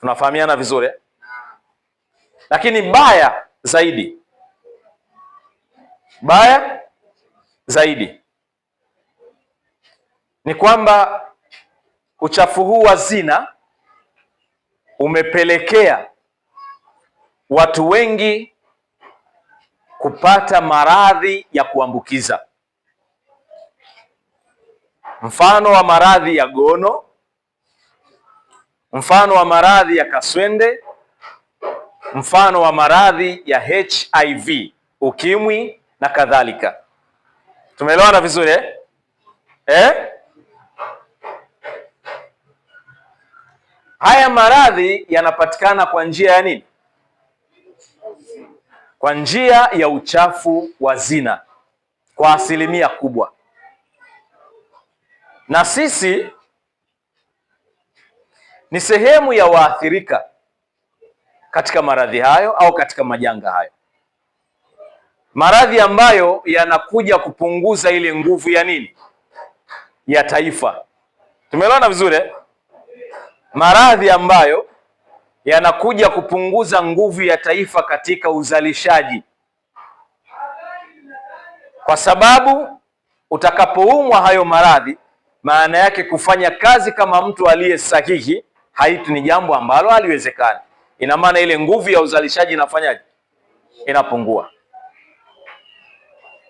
tunafahamiana vizuri, eh? lakini baya zaidi, baya zaidi ni kwamba uchafu huu wa zina umepelekea watu wengi kupata maradhi ya kuambukiza, mfano wa maradhi ya gono mfano wa maradhi ya kaswende, mfano wa maradhi ya HIV, ukimwi na kadhalika. Tumeelewana vizuri eh? Eh? Haya maradhi yanapatikana kwa njia ya nini? Kwa njia ya uchafu wa zina, kwa asilimia kubwa, na sisi ni sehemu ya waathirika katika maradhi hayo au katika majanga hayo, maradhi ambayo yanakuja kupunguza ile nguvu ya nini ya taifa. Tumeelewana vizuri eh? Maradhi ambayo yanakuja kupunguza nguvu ya taifa katika uzalishaji, kwa sababu utakapoumwa hayo maradhi, maana yake kufanya kazi kama mtu aliye sahihi haitu ni jambo ambalo haliwezekani. Ina maana ile nguvu ya uzalishaji inafanyaje? Inapungua.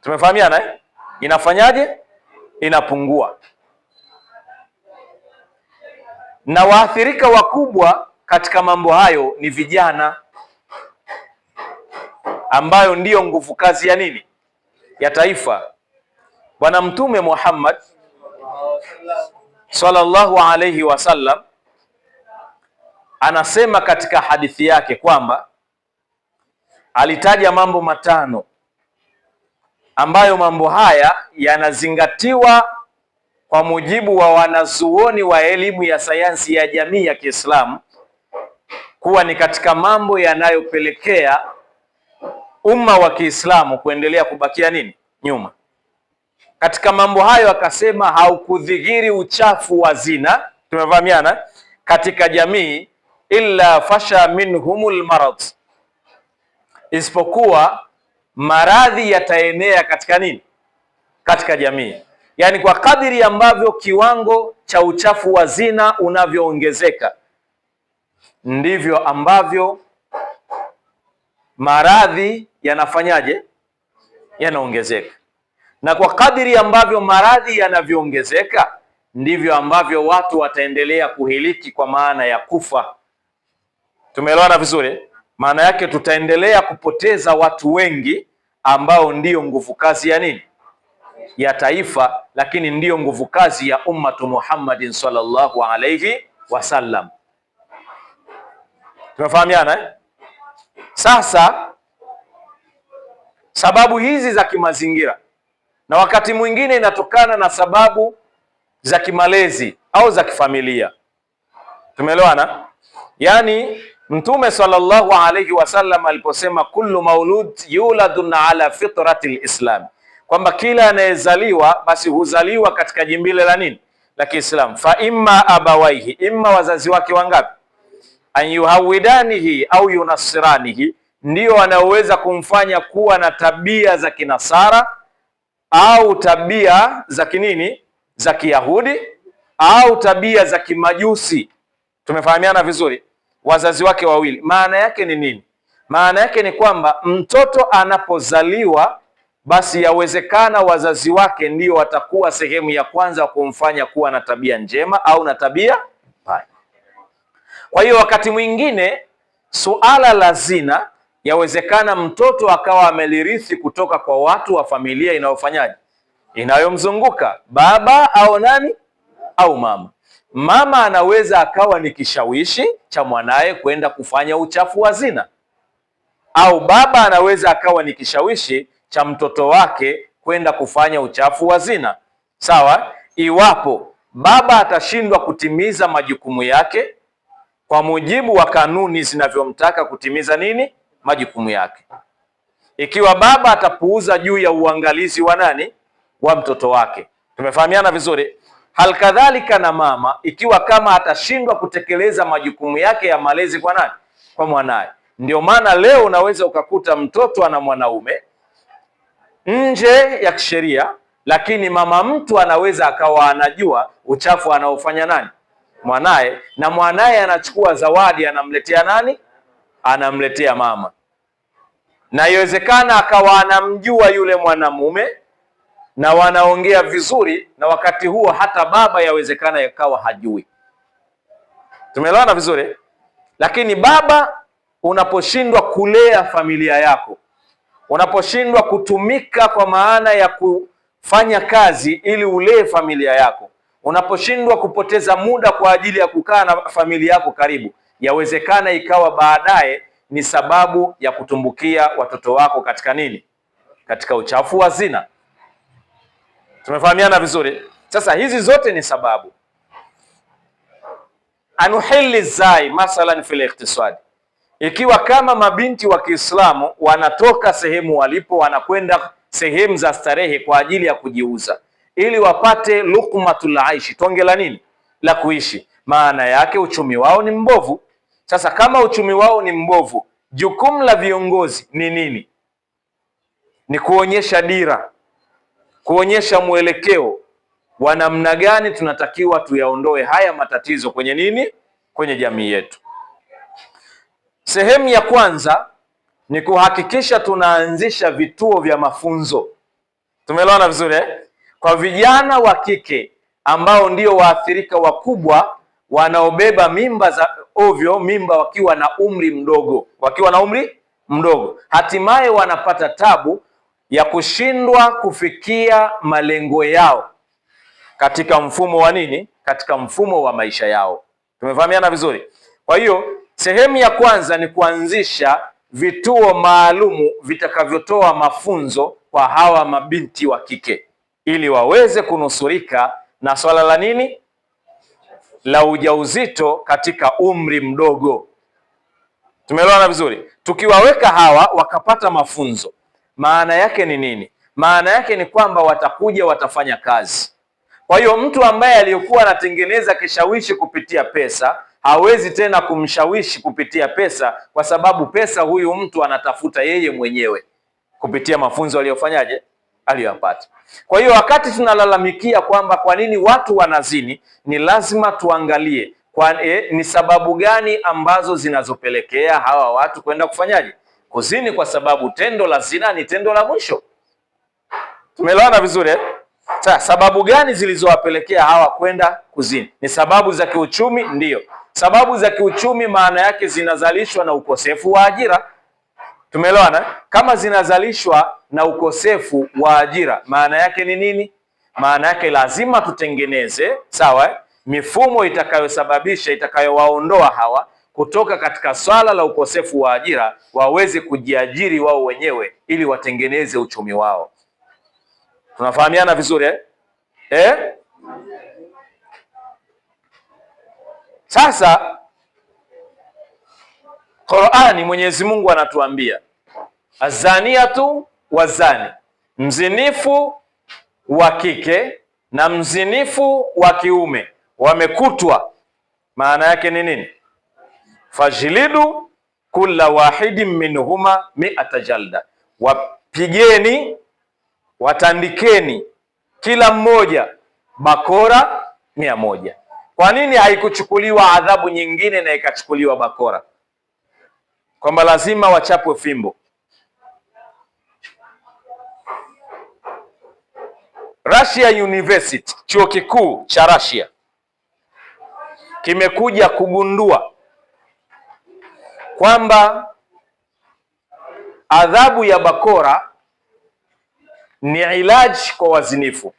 Tumefahamiana eh? Inafanyaje? Inapungua. Na waathirika wakubwa katika mambo hayo ni vijana, ambayo ndiyo nguvu kazi ya nini, ya taifa. Bwana Mtume Muhammad sallallahu alayhi wasallam anasema katika hadithi yake kwamba alitaja mambo matano ambayo mambo haya yanazingatiwa kwa mujibu wa wanazuoni wa elimu ya sayansi ya jamii ya Kiislamu kuwa ni katika mambo yanayopelekea umma wa Kiislamu kuendelea kubakia nini nyuma. Katika mambo hayo akasema, haukudhihiri uchafu wa zina, tumevamiana katika jamii illa fasha minhum marad, isipokuwa maradhi yataenea katika nini? Katika jamii. yani kwa kadiri ambavyo kiwango cha uchafu wa zina unavyoongezeka ndivyo ambavyo maradhi yanafanyaje? Yanaongezeka. Na kwa kadiri ambavyo maradhi yanavyoongezeka ndivyo ambavyo watu wataendelea kuhiliki, kwa maana ya kufa. Tumeelewana vizuri? Maana yake tutaendelea kupoteza watu wengi ambao ndiyo nguvu kazi ya nini ya taifa, lakini ndiyo nguvu kazi ya ummatu Muhammadin sallallahu alayhi wasallam. Tumefahamiana eh? Sasa sababu hizi za kimazingira na wakati mwingine inatokana na sababu za kimalezi au za kifamilia. Tumeelewana? Yaani Mtume sallallahu alayhi wasallam aliposema kullu maulud yuladun ala fitrati lislam, kwamba kila anayezaliwa basi huzaliwa katika jimbile la nini la Kiislamu. Fa imma abawaihi, imma wazazi wake wangapi? An yuhawidanihi au yunasiranihi, ndio wanaoweza kumfanya kuwa na tabia za kinasara au tabia za kinini za kiyahudi au tabia za kimajusi. Tumefahamiana vizuri wazazi wake wawili. Maana yake ni nini? Maana yake ni kwamba mtoto anapozaliwa basi yawezekana wazazi wake ndio watakuwa sehemu ya kwanza kumfanya kuwa na tabia njema au na tabia mbaya. Kwa hiyo wakati mwingine suala la zina yawezekana mtoto akawa amelirithi kutoka kwa watu wa familia inayofanyaje, inayomzunguka baba au nani au mama mama anaweza akawa ni kishawishi cha mwanaye kwenda kufanya uchafu wa zina, au baba anaweza akawa ni kishawishi cha mtoto wake kwenda kufanya uchafu wa zina. Sawa, iwapo baba atashindwa kutimiza majukumu yake kwa mujibu wa kanuni zinavyomtaka kutimiza nini majukumu yake, ikiwa baba atapuuza juu ya uangalizi wa nani, wa mtoto wake. Tumefahamiana vizuri halkadhalika na mama, ikiwa kama atashindwa kutekeleza majukumu yake ya malezi kwa nani? Kwa mwanaye. Ndio maana leo unaweza ukakuta mtoto ana mwanaume nje ya kisheria, lakini mama mtu anaweza akawa anajua uchafu anaofanya nani? Mwanaye, na mwanaye anachukua zawadi, anamletea nani? Anamletea mama, na iwezekana akawa anamjua yule mwanamume na wanaongea vizuri, na wakati huo hata baba yawezekana yakawa hajui. Tumeelewana vizuri? Lakini baba, unaposhindwa kulea familia yako, unaposhindwa kutumika kwa maana ya kufanya kazi ili ulee familia yako, unaposhindwa kupoteza muda kwa ajili ya kukaa na familia yako karibu, yawezekana ikawa baadaye ni sababu ya kutumbukia watoto wako katika nini? Katika uchafu wa zina. Tumefahamiana vizuri. Sasa hizi zote ni sababu anuhili zai masalan fil iqtisad, ikiwa kama mabinti wa Kiislamu wanatoka sehemu walipo wanakwenda sehemu za starehe kwa ajili ya kujiuza ili wapate luqmatul aishi, tonge la nini la kuishi. Maana yake uchumi wao ni mbovu. Sasa kama uchumi wao ni mbovu, jukumu la viongozi ni nini? Ni kuonyesha dira kuonyesha mwelekeo wa namna gani tunatakiwa tuyaondoe haya matatizo kwenye nini, kwenye jamii yetu. Sehemu ya kwanza ni kuhakikisha tunaanzisha vituo vya mafunzo. Tumeelewana vizuri eh? Kwa vijana wa kike ambao ndio waathirika wakubwa wanaobeba mimba za ovyo, mimba wakiwa na umri mdogo, wakiwa na umri mdogo, hatimaye wanapata tabu ya kushindwa kufikia malengo yao katika mfumo wa nini? Katika mfumo wa maisha yao. Tumefahamiana vizuri? Kwa hiyo sehemu ya kwanza ni kuanzisha vituo maalumu vitakavyotoa mafunzo kwa hawa mabinti wa kike ili waweze kunusurika na swala la nini la ujauzito katika umri mdogo. Tumeelewana vizuri? Tukiwaweka hawa wakapata mafunzo maana yake ni nini? Maana yake ni kwamba watakuja, watafanya kazi. Kwa hiyo mtu ambaye aliyokuwa anatengeneza kishawishi kupitia pesa hawezi tena kumshawishi kupitia pesa, kwa sababu pesa huyu mtu anatafuta yeye mwenyewe kupitia mafunzo aliyofanyaje aliyopata. Kwa hiyo wakati tunalalamikia kwamba kwa nini watu wanazini, ni lazima tuangalie kwa, e, ni sababu gani ambazo zinazopelekea hawa watu kwenda kufanyaje kuzini, kwa sababu tendo la zina ni tendo la mwisho. Tumeelewana vizuri eh? Sasa sababu gani zilizowapelekea hawa kwenda kuzini? Ni sababu za kiuchumi? Ndiyo, sababu za kiuchumi, maana yake zinazalishwa na ukosefu wa ajira. Tumeelewana? Eh? Kama zinazalishwa na ukosefu wa ajira, maana yake ni nini? Maana yake lazima tutengeneze, sawa eh? mifumo itakayosababisha itakayowaondoa hawa kutoka katika swala la ukosefu wa ajira waweze kujiajiri wao wenyewe ili watengeneze uchumi wao. Tunafahamiana vizuri eh? Eh? Sasa Qur'ani, Mwenyezi Mungu anatuambia azaniatu wazani, mzinifu wa kike na mzinifu wa kiume wamekutwa. Maana yake ni nini? fajlidu kulla wahidin minhuma mi'ata jalda, wapigeni watandikeni kila mmoja bakora mia moja. Kwa nini haikuchukuliwa adhabu nyingine na ikachukuliwa bakora, kwamba lazima wachapwe fimbo? Russia University, chuo kikuu cha Russia kimekuja kugundua kwamba adhabu ya bakora ni ilaji kwa wazinifu,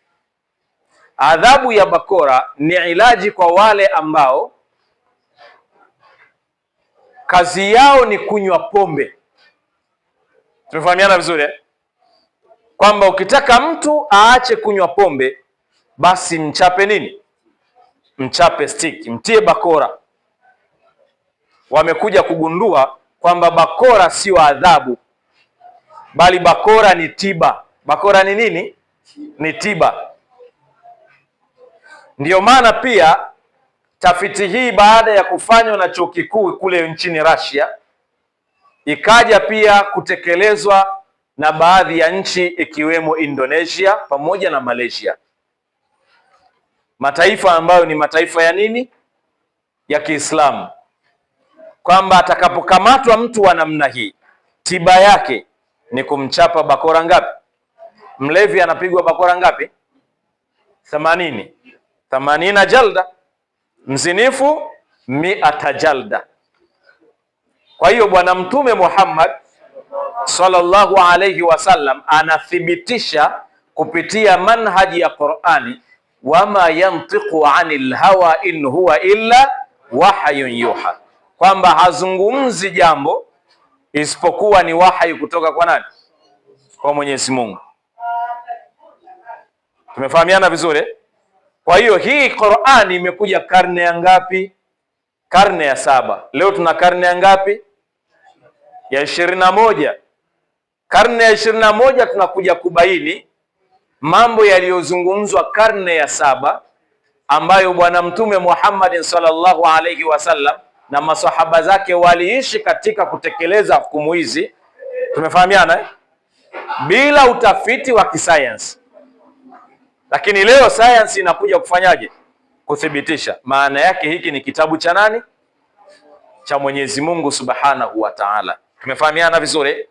adhabu ya bakora ni ilaji kwa wale ambao kazi yao ni kunywa pombe. Tumefahamiana vizuri eh? Kwamba ukitaka mtu aache kunywa pombe, basi mchape nini? Mchape stiki, mtie bakora wamekuja kugundua kwamba bakora sio adhabu, bali bakora ni tiba. Bakora ni nini? Ni tiba. Ndiyo maana pia tafiti hii baada ya kufanywa na chuo kikuu kule nchini Russia ikaja pia kutekelezwa na baadhi ya nchi ikiwemo Indonesia pamoja na Malaysia, mataifa ambayo ni mataifa ya nini, ya Kiislamu kwamba atakapokamatwa mtu wa namna hii tiba yake ni kumchapa bakora ngapi? Mlevi anapigwa bakora ngapi? Themanini. Themanina jalda, mzinifu miata jalda. Kwa hiyo Bwana Mtume Muhammad sallallahu alayhi wasallam anathibitisha kupitia manhaji ya Qur'ani, wama yantiqu anil hawa in huwa illa wahyun yuha kwamba hazungumzi jambo isipokuwa ni wahai kutoka kwa nani? Kwa Mwenyezi Mungu. Tumefahamiana vizuri. Kwa hiyo hii Qur'an imekuja karne ya ngapi? Karne ya saba. Leo tuna karne ya ngapi? Ya ishirini na moja. Karne ya ishirini na moja tunakuja kubaini mambo yaliyozungumzwa karne ya saba ambayo Bwana Mtume Muhammad sallallahu alaihi wasallam na masahaba zake waliishi katika kutekeleza hukumu hizi, tumefahamiana eh? bila utafiti wa kisayansi. Lakini leo sayansi inakuja kufanyaje? Kuthibitisha. Maana yake hiki ni kitabu cha nani? Cha Mwenyezi Mungu Subhanahu wa Ta'ala. Tumefahamiana vizuri. Eh?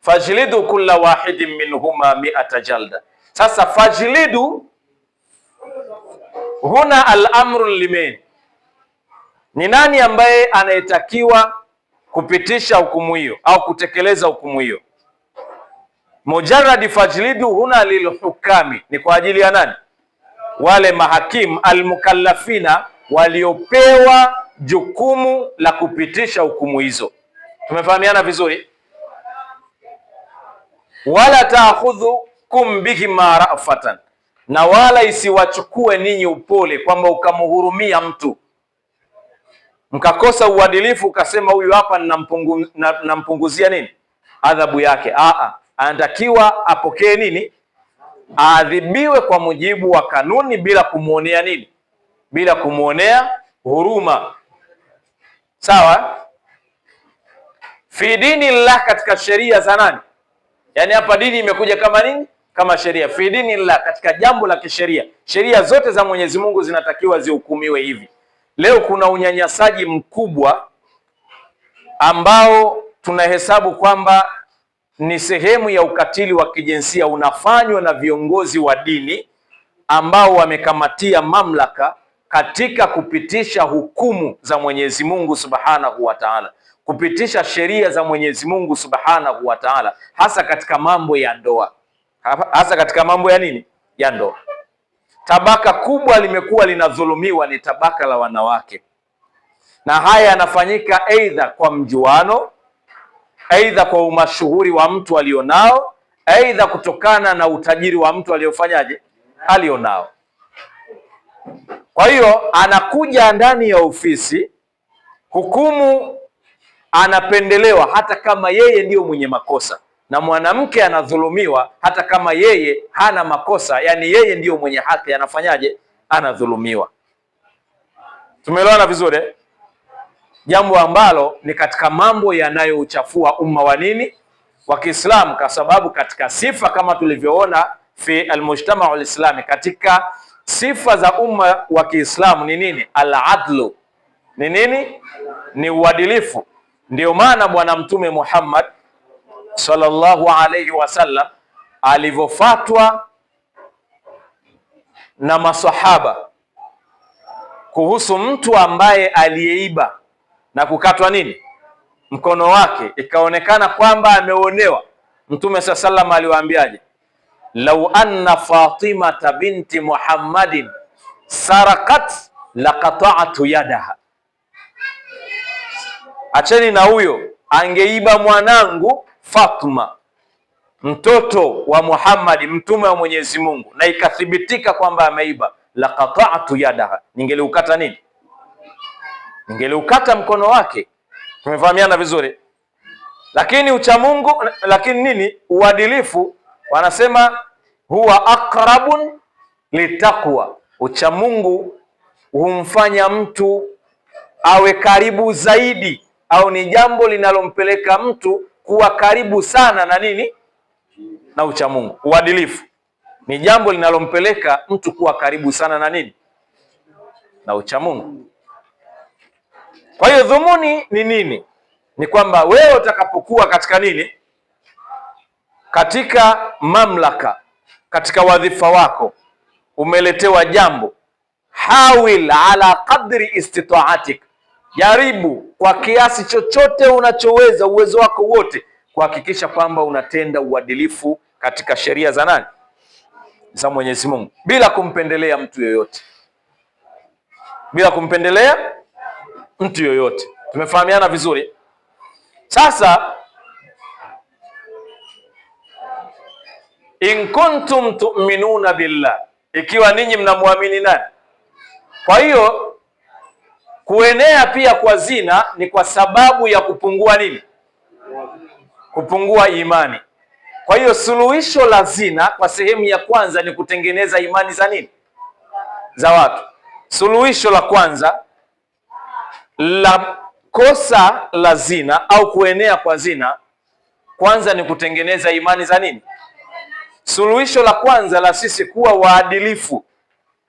Fajlidu kulla wahidin minhuma mi'ata jalda. Sasa fajlidu huna al-amru limeni ni nani ambaye anayetakiwa kupitisha hukumu hiyo au kutekeleza hukumu hiyo? Mujarradi fajlidu huna lilhukami, ni kwa ajili ya nani? Wale mahakimu almukallafina, waliopewa jukumu la kupitisha hukumu hizo. Tumefahamiana vizuri? wala kum bihima rafatan, na wala isiwachukue ninyi upole, kwamba ukamhurumia mtu mkakosa uadilifu, ukasema huyu hapa nampunguzia nini adhabu yake. Aa, anatakiwa apokee nini? Aadhibiwe kwa mujibu wa kanuni, bila kumwonea nini, bila kumwonea huruma. Sawa, fi dini llah, katika sheria za nani? Yaani hapa dini imekuja kama nini? Kama sheria. Fi dini llah, katika jambo la kisheria. Sheria zote za Mwenyezi Mungu zinatakiwa zihukumiwe hivi. Leo kuna unyanyasaji mkubwa ambao tunahesabu kwamba ni sehemu ya ukatili wa kijinsia unafanywa na viongozi wa dini ambao wamekamatia mamlaka katika kupitisha hukumu za Mwenyezi Mungu Subhanahu wa Ta'ala, kupitisha sheria za Mwenyezi Mungu Subhanahu wa Ta'ala, hasa katika mambo ya ndoa, hasa katika mambo ya nini, ya ndoa tabaka kubwa limekuwa linadhulumiwa ni tabaka la wanawake, na haya yanafanyika aidha kwa mjuano, aidha kwa umashuhuri wa mtu alionao, aidha kutokana na utajiri wa mtu aliyofanyaje alionao. Kwa hiyo anakuja ndani ya ofisi, hukumu anapendelewa hata kama yeye ndiyo mwenye makosa na mwanamke anadhulumiwa hata kama yeye hana makosa, yani yeye ndiyo mwenye haki, anafanyaje? Anadhulumiwa. Tumeelewana vizuri eh? Jambo ambalo ni katika mambo yanayouchafua umma wa nini wa Kiislamu, kwa sababu katika sifa kama tulivyoona fi almujtama alislami, katika sifa za umma wa Kiislamu ni nini? Aladlu ni nini? Ni uadilifu. Ndio maana Bwana Mtume Muhammad sallallahu alayhi wasallam alivyofatwa na masahaba kuhusu mtu ambaye aliyeiba na kukatwa nini mkono wake, ikaonekana kwamba ameonewa. Mtume saa salam aliwaambiaje? lau anna Fatimata binti Muhammadin sarakat laqata'tu yadaha, acheni na huyo angeiba mwanangu Fatma mtoto wa Muhammad mtume wa Mwenyezi Mungu, na ikathibitika kwamba ameiba, la qata'tu yadaha, ningeliukata nini? Ningeliukata mkono wake. Tumefahamiana vizuri, lakini Mungu, lakini nini, uadilifu, wanasema huwa aqrabun litaqwa, uchamungu humfanya mtu awe karibu zaidi, au ni jambo linalompeleka mtu kuwa karibu sana na nini na uchamungu. Uadilifu ni jambo linalompeleka mtu kuwa karibu sana na nini na uchamungu. Kwa hiyo dhumuni ni nini? Ni kwamba wewe utakapokuwa katika nini, katika mamlaka, katika wadhifa wako, umeletewa jambo hawil ala qadri istitaatik Jaribu kwa kiasi chochote unachoweza, uwezo wako wote, kuhakikisha kwamba unatenda uadilifu katika sheria za nani, za Mwenyezi Mungu, bila kumpendelea mtu yoyote, bila kumpendelea mtu yoyote. Tumefahamiana vizuri? Sasa in kuntum tu'minuna billah, ikiwa ninyi mnamwamini nani? Kwa hiyo Kuenea pia kwa zina ni kwa sababu ya kupungua nini? Kupungua imani. Kwa hiyo suluhisho la zina kwa sehemu ya kwanza ni kutengeneza imani za nini? Za watu. Suluhisho la kwanza la kosa la zina au kuenea kwa zina kwanza ni kutengeneza imani za nini? Suluhisho la kwanza la sisi kuwa waadilifu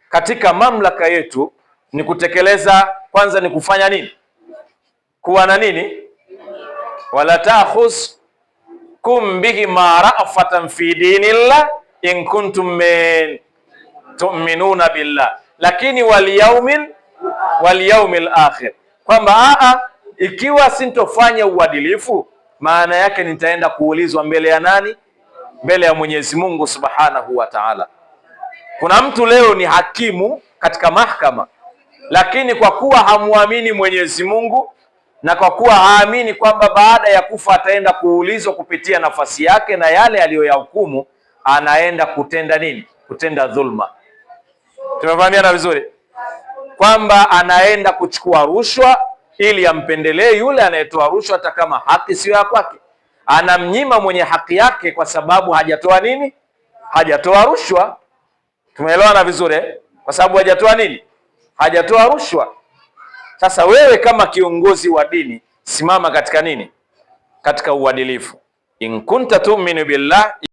katika mamlaka yetu ni kutekeleza kwanza ni kufanya nini? Kuwa na nini? wala takhuskum bihima rafatan fi dinillah in kuntum tuminuna billah, lakini wal yawmil akhir, kwamba aa, ikiwa sintofanya uadilifu, maana yake nitaenda kuulizwa mbele ya nani? Mbele ya Mwenyezi Mungu subhanahu wa taala. Kuna mtu leo ni hakimu katika mahakama lakini kwa kuwa hamwamini Mwenyezi Mungu na kwa kuwa haamini kwamba baada ya kufa ataenda kuulizwa kupitia nafasi yake na yale aliyoyahukumu, anaenda kutenda nini? Kutenda dhulma. Tumefahamiana vizuri kwamba anaenda kuchukua rushwa ili ampendelee yule anayetoa rushwa, hata kama haki siyo ya kwake. Anamnyima mwenye haki yake kwa sababu hajatoa nini? Hajatoa rushwa. Tumeelewana vizuri, eh? kwa sababu hajatoa nini? hajatoa rushwa. Sasa wewe kama kiongozi wa dini simama katika nini? Katika uadilifu. in kunta tu'minu billah